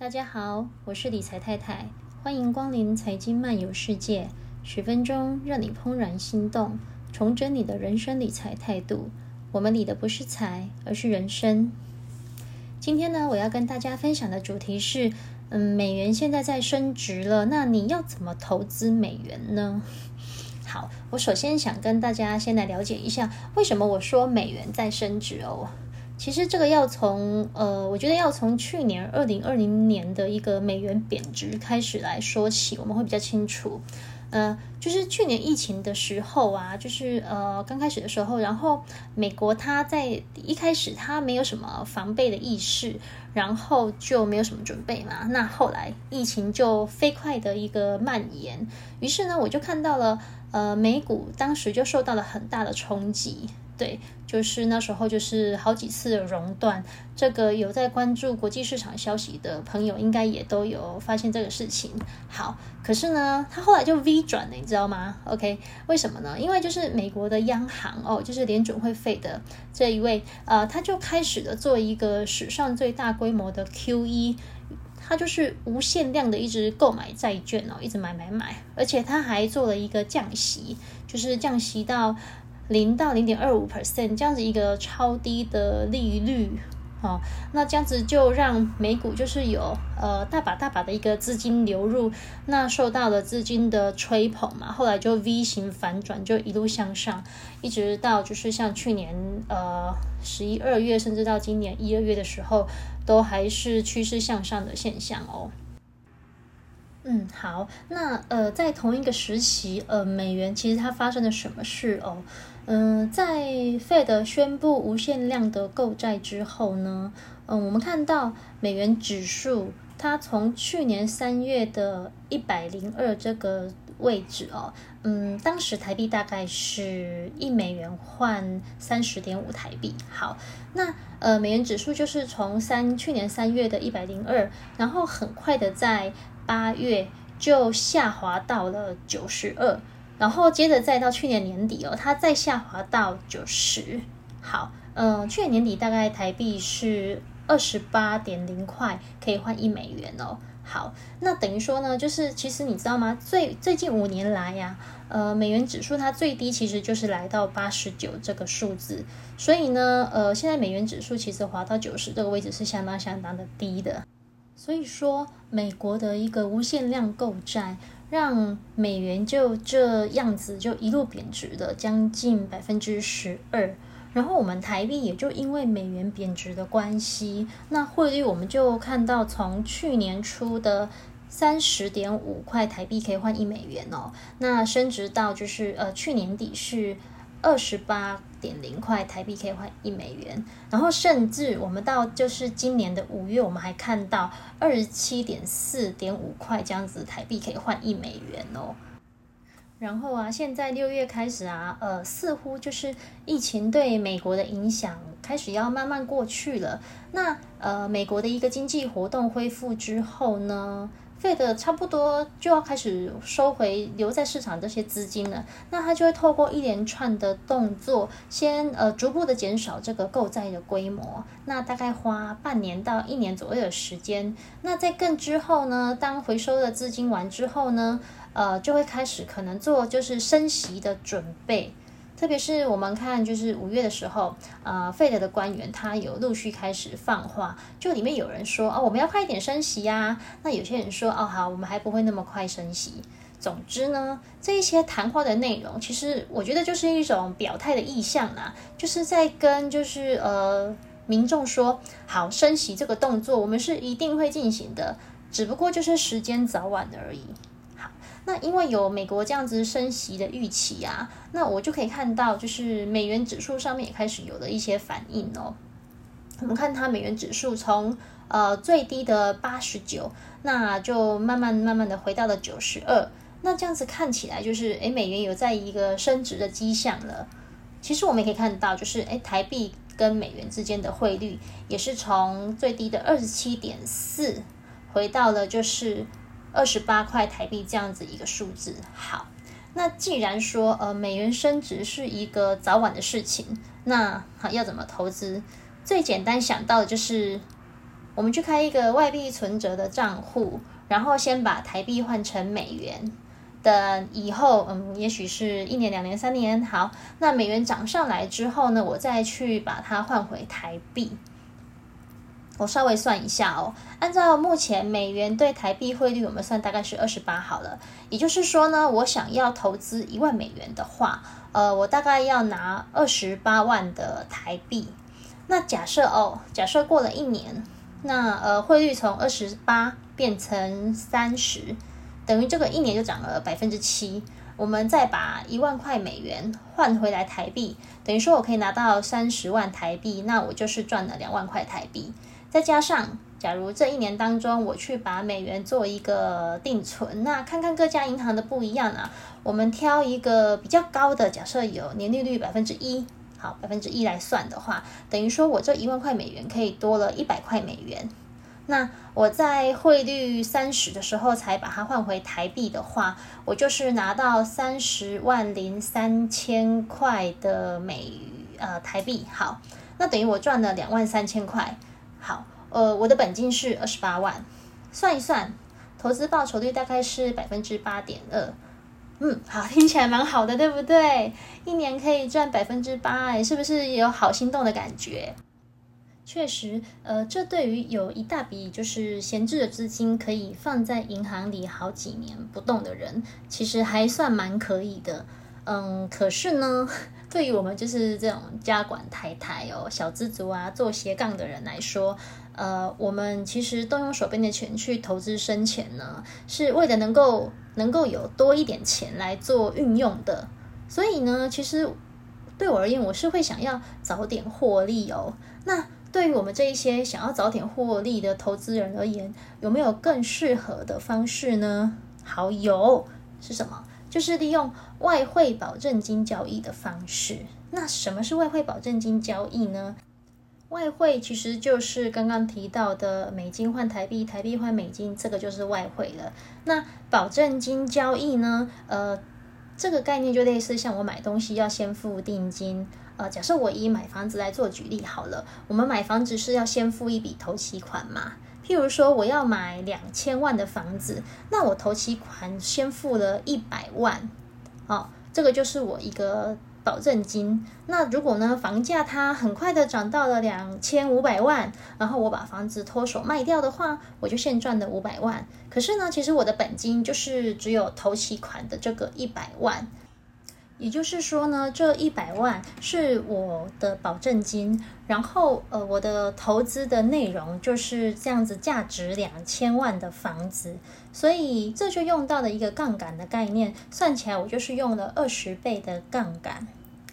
大家好，我是理財太太，歡迎光臨財經漫遊世界，十分鐘讓你怦然心動，重整你的人生理財態度。我們理的不是財，而是人生。今天呢，我要跟大家分享的主題是，嗯，美元現在在升值了，那你要怎麼投資美元呢？好，我首先想跟大家先來了解一下，為什麼我說美元在升值哦。其實這個要從呃，我覺得要從去年二零二零年的一個美元貶值開始來說起，我們會比較清楚。呃，就是去年疫情的時候啊，就是呃剛開始的時候，然後美國它，在一開始它沒有什麼防備的意識，然後就沒有什麼準備嘛。那後來疫情就飛快的一個蔓延，於是呢，我就看到了呃美股當時就受到了很大的衝擊。對，就是那時候就是好幾次的熔斷，這個有在關注國際市場消息的朋友，應該也都有發現這個事情。好，可是呢，他後來就 V 轉了，你知道嗎？OK，為什麼呢？因為就是美國的央行哦，就是聯準會費的這一位，呃，他就開始了做一個史上最大規模的 QE，他就是無限量的一直購買債券哦，一直買買買，而且他還做了一個降息，就是降息到零到零點二五 percent 這樣子一個超低的利率，哦，那這樣子就讓美股就是有呃大把大把的一個資金流入，那受到了資金的吹捧嘛，後來就 V 型反轉，就一路向上，一直到就是像去年呃十一二月，甚至到今年一二月的時候，都還是趨勢向上的現象哦。嗯，好，那呃在同一個時期，呃美元其實它發生了什麼事哦？嗯、呃，在 Fed 宣布無限量的購債之後呢，嗯、呃，我們看到美元指數它從去年三月的一百零二這個位置哦，嗯，當時台幣大概是一美元換三十點五台幣。好，那呃，美元指數就是從三去年三月的一百零二，然後很快的在八月就下滑到了九十二。然後接着再到去年年底哦，它再下滑到九十。好，呃，去年年底大概台幣是二十八點零塊可以換一美元哦。好，那等於說呢，就是其實你知道嗎？最最近五年來呀、啊，呃，美元指數它最低其實就是來到八十九這個數字。所以呢，呃，現在美元指數其實滑到九十這個位置是相當相當的低的。所以說，美國的一個無限量購債。讓美元就這樣子就一路貶值了將近百分之十二，然後我們台幣也就因為美元貶值的關係，那匯率我們就看到從去年初的三十點五塊台幣可以換一美元哦，那升值到就是呃去年底是。二十八點零塊台幣可以換一美元，然後甚至我們到就是今年的五月，我們還看到二十七點四點五塊這樣子台幣可以換一美元哦。然後啊，現在六月開始啊，呃，似乎就是疫情對美國的影響開始要慢慢過去了。那呃，美國的一個經濟活動恢復之後呢，費的差不多就要開始收回留在市場這些資金了，那它就會透過一連串的動作先，先呃逐步的減少這個購債的規模，那大概花半年到一年左右的時間，那在更之後呢，當回收的資金完之後呢，呃就會開始可能做就是升息的準備。特別是我們看，就是五月的時候，呃，費德的官員他有陸續開始放話，就裡面有人說啊，哦，我們要快一點升息呀、啊。那有些人說，哦，好，我們還不會那麼快升息。總之呢，這一些談話的內容，其實我覺得就是一種表態的意向啦、啊，就是在跟就是呃民眾說，好，升息這個動作我們是一定會進行的，只不過就是時間早晚的而已。那因為有美國這樣子升息的預期啊，那我就可以看到，就是美元指數上面也開始有了一些反應哦。我們看它美元指數從呃最低的八十九，那就慢慢慢慢的回到了九十二。那這樣子看起來就是，誒，美元有在一個升值的跡象了。其實我們也可以看到，就是誒，台幣跟美元之間的匯率也是從最低的二十七點四，回到了就是。二十八塊台幣這樣子一個數字，好。那既然說呃美元升值是一個早晚的事情，那好要怎麼投資？最簡單想到的就是，我們去開一個外幣存折的賬戶，然後先把台幣換成美元，等以後嗯，也許是一年、兩年、三年，好，那美元漲上來之後呢，我再去把它換回台幣。我稍微算一下哦，按照目前美元兌台幣匯率，我們算大概是二十八好了。也就是說呢，我想要投資一萬美元的話，呃，我大概要拿二十八萬的台幣。那假設哦，假設過了一年，那呃匯率從二十八變成三十，等於這個一年就漲了百分之七。我們再把一萬塊美元換回來台幣，等於說我可以拿到三十萬台幣，那我就是賺了兩萬塊台幣。再加上，假如這一年當中我去把美元做一個定存，那看看各家銀行的不一樣啊。我們挑一個比較高的，假設有年利率百分之一，好，百分之一來算的話，等於說我這一萬塊美元可以多了一百塊美元。那我在匯率三十的時候才把它換回台幣的話，我就是拿到三十萬零三千塊的美呃台幣，好，那等於我賺了兩萬三千塊。好，呃，我的本金是二十八萬，算一算，投資報酬率大概是百分之八點二，嗯，好，聽起來蠻好的，對不對？一年可以賺百分之八，誒，是不是有好心動的感覺？確實，呃，這對於有一大筆就是閒置的資金可以放在銀行裡好幾年不動的人，其實還算蠻可以的，嗯，可是呢，對於我們就是這種家管太太哦、小資族啊、做斜槓的人來說，呃，我們其實動用手邊的錢去投資生錢呢，是為了能夠能夠有多一點錢來做運用的。所以呢，其實對我而言，我是會想要早點獲利哦。那對於我們這一些想要早點獲利的投資人而言，有沒有更適合的方式呢？好，有，是什麼？就是利用外匯保證金交易的方式。那什麼是外匯保證金交易呢？外匯其實就是剛剛提到的美金換台幣、台幣換美金，這個就是外匯了。那保證金交易呢？呃，這個概念就類似像我買東西要先付定金。呃，假設我以買房子來做舉例好了，我們買房子是要先付一筆頭期款嘛？譬如說，我要買兩千萬的房子，那我頭期款先付了一百萬，哦，這個就是我一個保證金。那如果呢，房價它很快的漲到了兩千五百萬，然後我把房子脫手賣掉的話，我就現賺了五百萬。可是呢，其實我的本金就是只有頭期款的這個一百萬。也就是說呢，這一百萬是我的保證金，然後呃，我的投資的內容就是這樣子，價值兩千萬的房子，所以這就用到了一個槓桿的概念，算起來我就是用了二十倍的槓桿。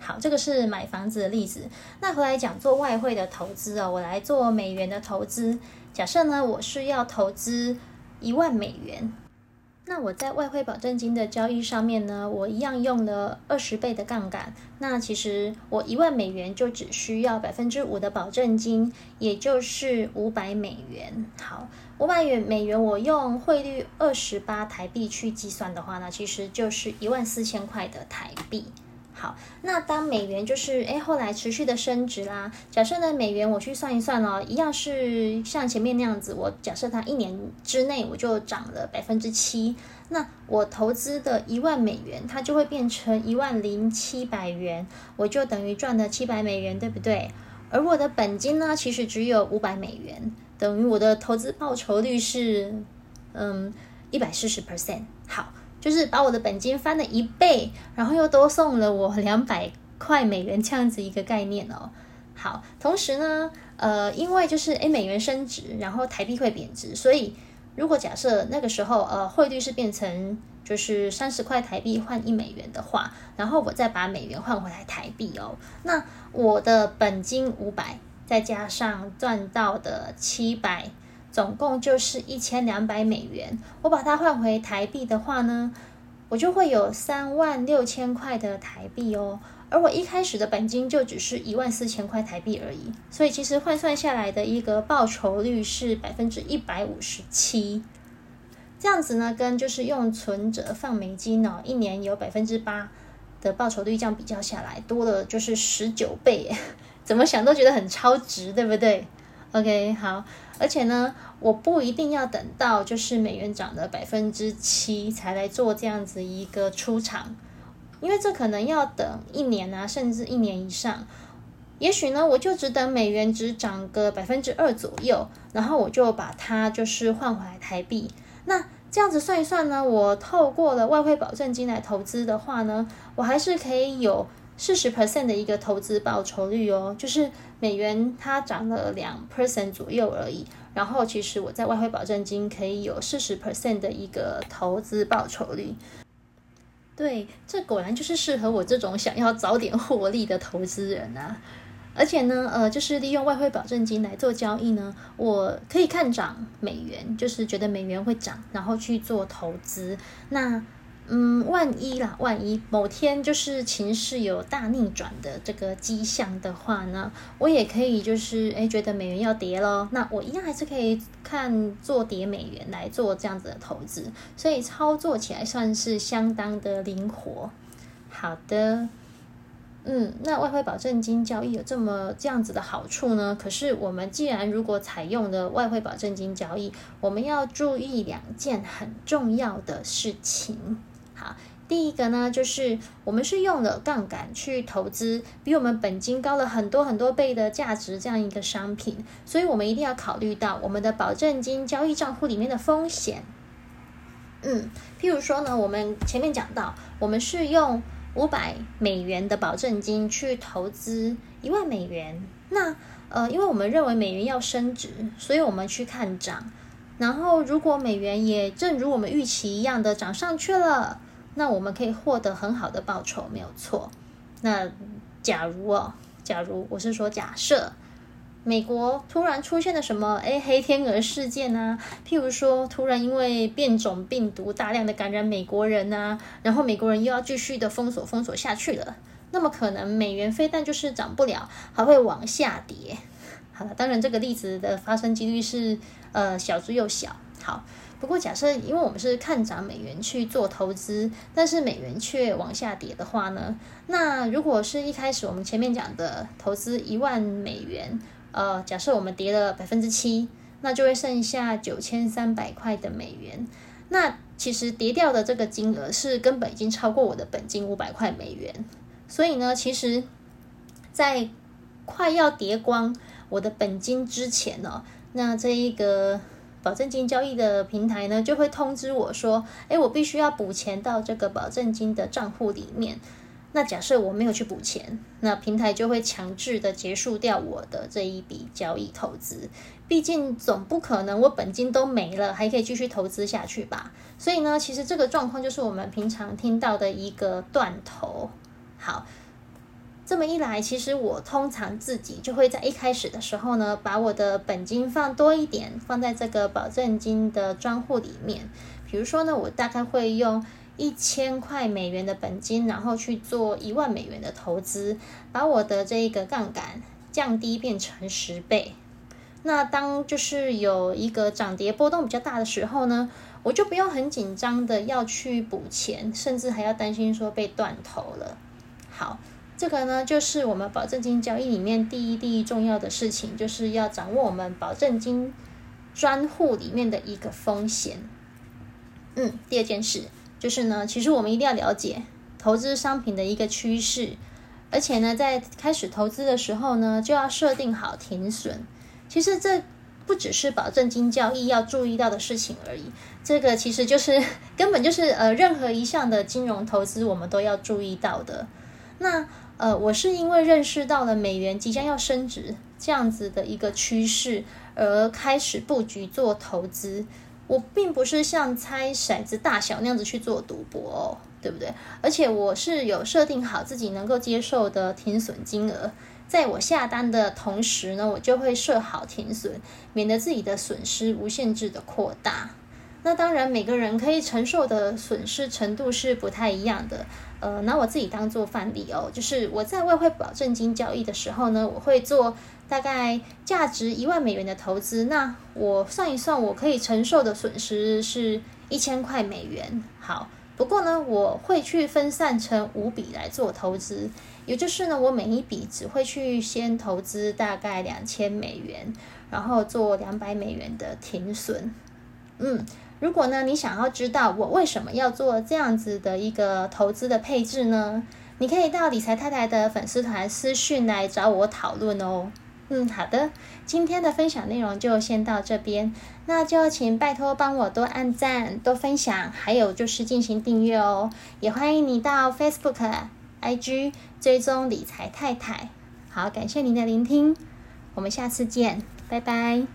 好，這個是買房子的例子。那回來講做外匯的投資哦，我來做美元的投資，假設呢我是要投資一萬美元。那我在外匯保證金的交易上面呢，我一樣用了二十倍的槓桿。那其實我一萬美元就只需要百分之五的保證金，也就是五百美元。好，五百元美元我用匯率二十八台幣去計算的話呢，其實就是一萬四千塊的台幣。好，那當美元就是，哎，後來持續的升值啦。假設呢，美元我去算一算哦，一樣是像前面那樣子，我假設它一年之內我就漲了百分之七，那我投資的一萬美元，它就會變成一萬零七百元，我就等於賺了七百美元，對不對？而我的本金呢，其實只有五百美元，等於我的投資報酬率是，嗯，一百四十 percent。好。就是把我的本金翻了一倍，然後又多送了我兩百塊美元，這樣子一個概念哦。好，同時呢，呃，因為就是誒，美元升值，然後台幣會貶值，所以如果假設那個時候，呃，匯率是變成就是三十塊台幣換一美元的話，然後我再把美元換回來台幣哦，那我的本金五百，再加上賺到的七百。總共就是一千兩百美元，我把它換回台幣的話呢，我就會有三萬六千塊的台幣哦。而我一開始的本金就只是一萬四千塊台幣而已，所以其實換算下來的一個報酬率是百分之一百五十七。這樣子呢，跟就是用存摺放美金哦，一年有百分之八的報酬率這樣比較下來，多了就是十九倍，怎麼想都覺得很超值，對不對？OK，好，而且呢，我不一定要等到就是美元漲了百分之七才來做這樣子一個出場，因為這可能要等一年啊，甚至一年以上。也許呢，我就只等美元只漲個百分之二左右，然後我就把它就是換回台幣。那這樣子算一算呢，我透過了外匯保證金來投資的話呢，我還是可以有四十 percent 的一個投資報酬率哦，就是美元它漲了兩 percent 左右而已。然後其實我在外匯保證金可以有四十 percent 的一個投資報酬率。對，這果然就是適合我這種想要早點獲利的投資人啊！而且呢，呃，就是利用外匯保證金來做交易呢，我可以看漲美元，就是覺得美元會漲，然後去做投資。那嗯，萬一啦，萬一某天就是情勢有大逆轉的這個跡象的話呢，我也可以就是哎，覺得美元要跌咯。那我一樣還是可以看做跌美元來做這樣子的投資，所以操作起來算是相當的靈活。好的，嗯，那外匯保證金交易有這麼這樣子的好處呢？可是我們既然如果採用了外匯保證金交易，我們要注意兩件很重要的事情。啊，第一個呢，就是我們是用了槓桿去投資比我們本金高了很多很多倍的價值這樣一個商品，所以我們一定要考慮到我們的保證金交易賬戶裡面的風險。嗯，譬如說呢，我們前面講到，我們是用五百美元的保證金去投資一萬美元。那呃，因為我們認為美元要升值，所以我們去看漲。然後，如果美元也正如我們預期一樣的漲上去了。那我們可以獲得很好的報酬，沒有錯。那假如哦，假如我是說假設，美國突然出現了什麼誒黑天鵝事件啊，譬如說，突然因為變種病毒大量的感染美國人吶、啊，然後美國人又要繼續的封鎖封鎖下去了，那麼可能美元非但就是漲不了，還會往下跌。好了，當然這個例子的發生幾率是呃小之又小。好。不過，假設因為我們是看漲美元去做投資，但是美元却往下跌的話呢？那如果是一開始我們前面講的，投資一萬美元，呃，假設我們跌了百分之七，那就會剩下九千三百塊的美元。那其實跌掉的這個金額是根本已經超過我的本金五百塊美元。所以呢，其實，在快要跌光我的本金之前呢、哦，那這一個。保證金交易的平台呢，就會通知我說：“哎，我必須要補錢到這個保證金的賬戶裡面。”那假設我沒有去補錢，那平台就會強制的結束掉我的這一筆交易投資。畢竟總不可能我本金都沒了，還可以繼續投資下去吧？所以呢，其實這個狀況就是我們平常聽到的一個斷頭。好。這麼一來，其實我通常自己就會在一開始的時候呢，把我的本金放多一點，放在這個保證金的專戶裡面。比如說呢，我大概會用一千塊美元的本金，然後去做一萬美元的投資，把我的這個槓桿降低變成十倍。那當就是有一個漲跌波動比較大的時候呢，我就不用很緊張的要去補錢，甚至還要擔心說被斷頭了。好。這個呢，就是我們保證金交易裡面第一第一重要的事情，就是要掌握我們保證金專戶裡面的一個風險。嗯，第二件事就是呢，其實我們一定要了解投資商品的一個趨勢，而且呢，在開始投資的時候呢，就要設定好停損。其實這不只是保證金交易要注意到的事情而已，這個其實就是根本就是呃，任何一項的金融投資我們都要注意到的。那呃，我是因為認識到了美元即將要升值這樣子的一個趨勢，而開始布局做投資。我並不是像猜骰子大小那樣子去做賭博哦，對不對？而且我是有設定好自己能夠接受的停損金額，在我下單的同時呢，我就會設好停損，免得自己的損失無限制的擴大。那當然，每個人可以承受的損失程度是不太一樣的。呃，拿我自己當做範例哦，就是我在外匯保證金交易的時候呢，我會做大概價值一萬美元的投資。那我算一算，我可以承受的損失是一千塊美元。好，不過呢，我會去分散成五筆來做投資，也就是呢，我每一筆只會去先投資大概兩千美元，然後做兩百美元的停損。嗯。如果呢，你想要知道我為什麼要做這樣子的一個投資的配置呢？你可以到理財太太的粉絲團私訊來找我討論哦。嗯，好的，今天的分享內容就先到這邊，那就請拜托幫我多按讚、多分享，還有就是進行訂閱哦。也歡迎你到 Facebook、IG 追蹤理財太太。好，感謝您的聆聽，我們下次見，拜拜。